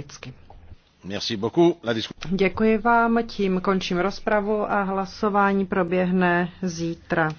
optimisticky. Děkuji vám, tím končím rozpravu a hlasování proběhne zítra.